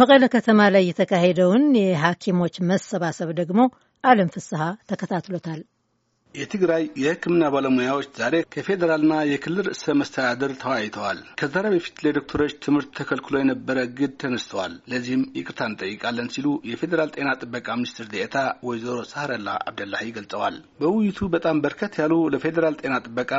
መቀለ ከተማ ላይ የተካሄደውን የሐኪሞች መሰባሰብ ደግሞ አለም ፍስሐ ተከታትሎታል። የትግራይ የሕክምና ባለሙያዎች ዛሬ ከፌዴራልና የክልል ርዕሰ መስተዳደር ተወያይተዋል። ከዛሬ በፊት ለዶክተሮች ትምህርት ተከልክሎ የነበረ እግድ ተነስተዋል። ለዚህም ይቅርታ እንጠይቃለን ሲሉ የፌዴራል ጤና ጥበቃ ሚኒስትር ዴኤታ ወይዘሮ ሳህረላ አብደላሂ ገልጸዋል። በውይይቱ በጣም በርከት ያሉ ለፌዴራል ጤና ጥበቃ፣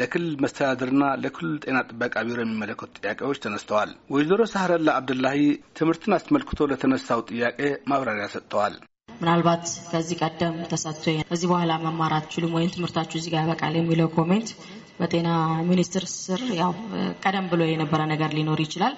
ለክልል መስተዳደርና ለክልል ጤና ጥበቃ ቢሮ የሚመለከቱ ጥያቄዎች ተነስተዋል። ወይዘሮ ሳህረላ አብደላሂ ትምህርትን አስመልክቶ ለተነሳው ጥያቄ ማብራሪያ ሰጥተዋል። ምናልባት ከዚህ ቀደም ተሰጥቶ ከዚህ በኋላ መማር አትችሉም ወይም ትምህርታችሁ እዚህ ጋር ያበቃል የሚለው ኮሜንት በጤና ሚኒስቴር ስር ያው ቀደም ብሎ የነበረ ነገር ሊኖር ይችላል።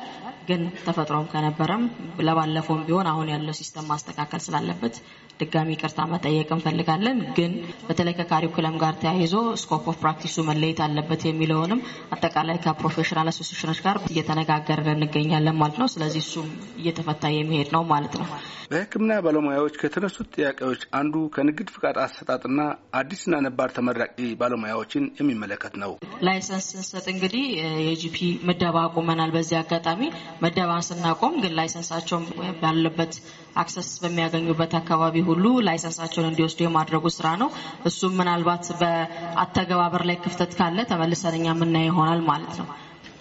ግን ተፈጥሮም ከነበረም ለባለፈውም ቢሆን አሁን ያለው ሲስተም ማስተካከል ስላለበት ድጋሚ ቅርታ መጠየቅ እንፈልጋለን። ግን በተለይ ከካሪኩለም ጋር ተያይዞ ስኮፕ ኦፍ ፕራክቲሱ መለየት አለበት የሚለውንም አጠቃላይ ከፕሮፌሽናል አሶሲሽኖች ጋር እየተነጋገርን እንገኛለን ማለት ነው። ስለዚህ እሱም እየተፈታ የሚሄድ ነው ማለት ነው። በሕክምና ባለሙያዎች ከተነሱት ጥያቄዎች አንዱ ከንግድ ፍቃድ አሰጣጥና አዲስና ነባር ተመራቂ ባለሙያዎችን የሚመለከት ነው። ላይሰንስ ስንሰጥ እንግዲህ የጂፒ ምደባ አቁመናል። በዚህ አጋጣሚ መደባን ስናቆም ግን ላይሰንሳቸውን ባለበት አክሰስ በሚያገኙበት አካባቢ ሁሉ ላይሰንሳቸውን እንዲወስዱ የማድረጉ ስራ ነው። እሱም ምናልባት በአተገባበር ላይ ክፍተት ካለ ተመልሰን እኛ የምናየው ይሆናል ማለት ነው።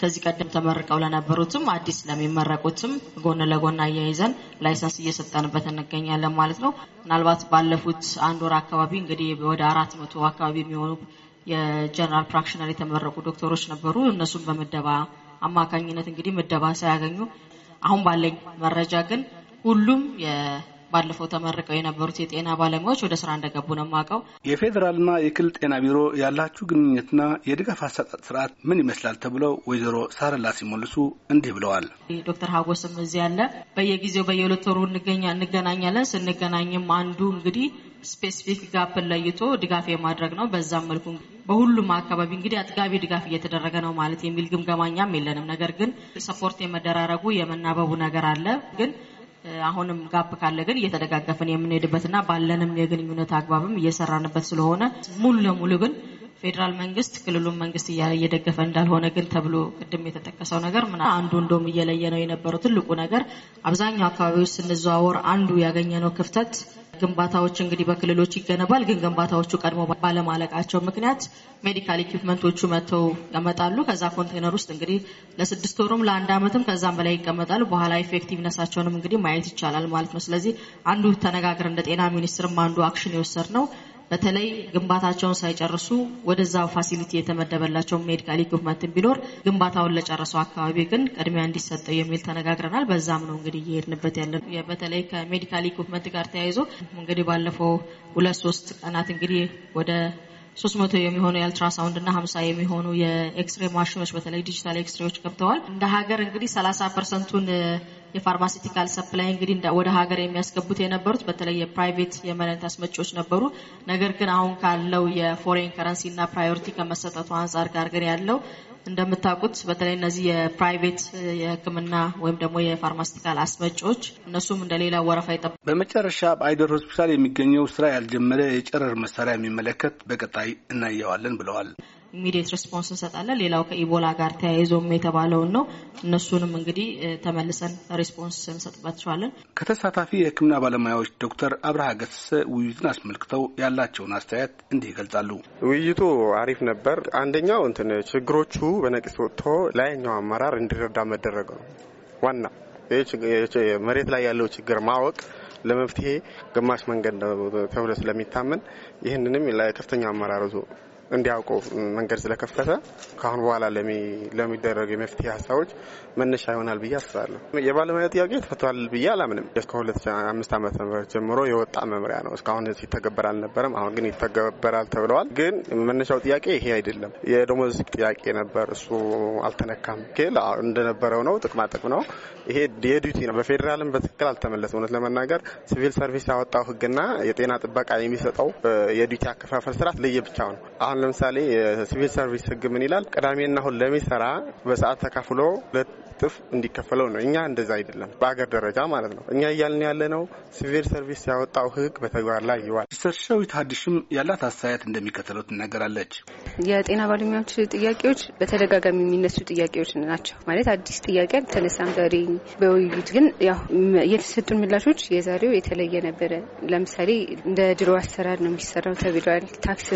ከዚህ ቀደም ተመርቀው ለነበሩትም አዲስ ለሚመረቁትም ጎን ለጎን አያይዘን ላይሰንስ እየሰጠንበት እንገኛለን ማለት ነው። ምናልባት ባለፉት አንድ ወር አካባቢ እንግዲህ ወደ አራት መቶ አካባቢ የሚሆኑ የጀነራል ፕራክሽነር የተመረቁ ዶክተሮች ነበሩ። እነሱም በምደባ አማካኝነት እንግዲህ ምደባ ሳያገኙ አሁን ባለኝ መረጃ ግን ሁሉም ባለፈው ተመርቀው የነበሩት የጤና ባለሙያዎች ወደ ስራ እንደገቡ ነው የማውቀው። የፌዴራልና የክልል ጤና ቢሮ ያላችሁ ግንኙነትና የድጋፍ አሰጣጥ ስርዓት ምን ይመስላል ተብለው ወይዘሮ ሳረላ ሲመልሱ እንዲህ ብለዋል። ዶክተር ሀጎስም እዚህ ያለ በየጊዜው በየሁለት ወሩ እንገናኛለን። ስንገናኝም አንዱ እንግዲህ ስፔሲፊክ ጋፕን ለይቶ ድጋፍ የማድረግ ነው። በዛም መልኩ በሁሉም አካባቢ እንግዲህ አጥጋቢ ድጋፍ እየተደረገ ነው ማለት የሚል ግምገማኛም የለንም። ነገር ግን ሰፖርት የመደራረጉ የመናበቡ ነገር አለ ግን አሁንም ጋፕ ካለ ግን እየተደጋገፍን የምንሄድበትና ባለንም የግንኙነት አግባብም እየሰራንበት ስለሆነ ሙሉ ለሙሉ ግን ፌዴራል መንግስት ክልሉን መንግስት እየደገፈ እንዳልሆነ ግን ተብሎ ቅድም የተጠቀሰው ነገር ምና አንዱ እንደም እየለየ ነው የነበረው ትልቁ ነገር አብዛኛው አካባቢዎች ስንዘዋወር አንዱ ያገኘነው ክፍተት ግንባታዎች እንግዲህ በክልሎች ይገነባል። ግን ግንባታዎቹ ቀድሞ ባለማለቃቸው ምክንያት ሜዲካል ኢኩፕመንቶቹ መጥተው ይቀመጣሉ። ከዛ ኮንቴነር ውስጥ እንግዲህ ለስድስት ወሩም ለአንድ ዓመትም ከዛም በላይ ይቀመጣሉ። በኋላ ኢፌክቲቭነሳቸውንም እንግዲህ ማየት ይቻላል ማለት ነው። ስለዚህ አንዱ ተነጋግር እንደ ጤና ሚኒስትርም አንዱ አክሽን የወሰድ ነው በተለይ ግንባታቸውን ሳይጨርሱ ወደዛው ፋሲሊቲ የተመደበላቸው ሜዲካል ኢኩፕመንትን ቢኖር ግንባታውን ለጨረሰው አካባቢ ግን ቅድሚያ እንዲሰጠው የሚል ተነጋግረናል። በዛም ነው እንግዲህ እየሄድንበት ያለ በተለይ ከሜዲካል ኢኩፕመንት ጋር ተያይዞ እንግዲህ ባለፈው ሁለት ሶስት ቀናት እንግዲህ ወደ ሶስት መቶ የሚሆኑ የአልትራሳውንድ እና ሀምሳ የሚሆኑ የኤክስሬ ማሽኖች በተለይ ዲጂታል ኤክስሬዎች ገብተዋል። እንደ ሀገር እንግዲህ ሰላሳ ፐርሰንቱን የፋርማሲቲካል ሰፕላይ እንግዲህ ወደ ሀገር የሚያስገቡት የነበሩት በተለይ የፕራይቬት የመድኃኒት አስመጪዎች ነበሩ። ነገር ግን አሁን ካለው የፎሬን ከረንሲ እና ፕራዮሪቲ ከመሰጠቱ አንጻር ጋር ግን ያለው እንደምታውቁት በተለይ እነዚህ የፕራይቬት የሕክምና ወይም ደግሞ የፋርማሲቲካል አስመጪዎች እነሱም እንደሌላ ወረፋ ይጠ በመጨረሻ በአይደር ሆስፒታል የሚገኘው ስራ ያልጀመረ የጨረር መሳሪያ የሚመለከት በቀጣይ እናየዋለን ብለዋል። ኢሚዲየት ሪስፖንስ እንሰጣለን። ሌላው ከኢቦላ ጋር ተያይዞም የተባለውን ነው። እነሱንም እንግዲህ ተመልሰን ሪስፖንስ እንሰጥባቸዋለን። ከተሳታፊ የሕክምና ባለሙያዎች ዶክተር አብርሃ ገሰሰ ውይይቱን አስመልክተው ያላቸውን አስተያየት እንዲህ ይገልጻሉ። ውይይቱ አሪፍ ነበር። አንደኛው እንትን ችግሮቹ በነቂስ ወጥቶ ላይኛው አመራር እንዲረዳ መደረግ ነው ዋና መሬት ላይ ያለው ችግር ማወቅ ለመፍትሄ ግማሽ መንገድ ተብሎ ስለሚታመን ይህንንም ከፍተኛ አመራር እንዲያውቁ መንገድ ስለከፈተ ከአሁን በኋላ ለሚደረጉ የመፍትሄ ሀሳቦች መነሻ ይሆናል ብዬ አስባለሁ። የባለሙያ ጥያቄ ተፈቷል ብዬ አላምንም አምስት ከ2005 ዓ.ም ጀምሮ የወጣ መምሪያ ነው። እስካሁን ይተገበር አልነበረም። አሁን ግን ይተገበራል ተብለዋል። ግን መነሻው ጥያቄ ይሄ አይደለም። የደሞዝ ጥያቄ ነበር። እሱ አልተነካም። እንደነበረው ነው። ጥቅማ ጥቅም ነው። ይሄ የዲዩቲ ነው። በፌዴራልም በትክክል አልተመለሰም። እውነት ለመናገር ሲቪል ሰርቪስ ያወጣው ህግና የጤና ጥበቃ የሚሰጠው የዲዩቲ አከፋፈል ስርዓት ለየብቻው ነው። አሁን ለምሳሌ የሲቪል ሰርቪስ ህግ ምን ይላል? ቅዳሜና እሁድ ለሚሰራ በሰዓት ተካፍሎ ለጥፍ እንዲከፈለው ነው። እኛ እንደዛ አይደለም፣ በአገር ደረጃ ማለት ነው። እኛ እያልን ያለ ነው ሲቪል ሰርቪስ ያወጣው ህግ በተግባር ላይ ይዋል። ሲስተር ሸዊት ሀዲሽም ያላት አስተያየት እንደሚከተለው ትናገራለች። የጤና ባለሙያዎች ጥያቄዎች በተደጋጋሚ የሚነሱ ጥያቄዎች ናቸው። ማለት አዲስ ጥያቄ አልተነሳም ዛሬ በውይይት ግን የተሰጡን ምላሾች የዛሬው የተለየ ነበረ። ለምሳሌ እንደ ድሮ አሰራር ነው የሚሰራው ተብሏል ታክስ